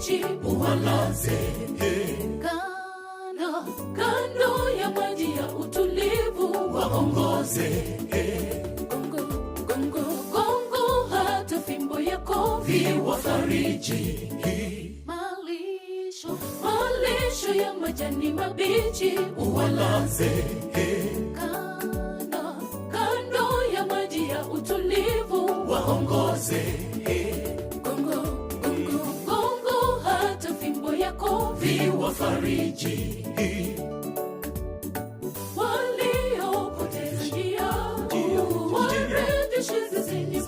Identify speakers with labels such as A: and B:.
A: nchi uwalaze
B: kando,
A: kando ya maji ya utulivu waongoze Kongo, hata fimbo yako viwafariji
B: malisho,
A: malisho ya majani mabichi uwalaze
B: kando,
A: kando ya maji ya utulivu waongoze wafariji waliopoteza njia, warejeshe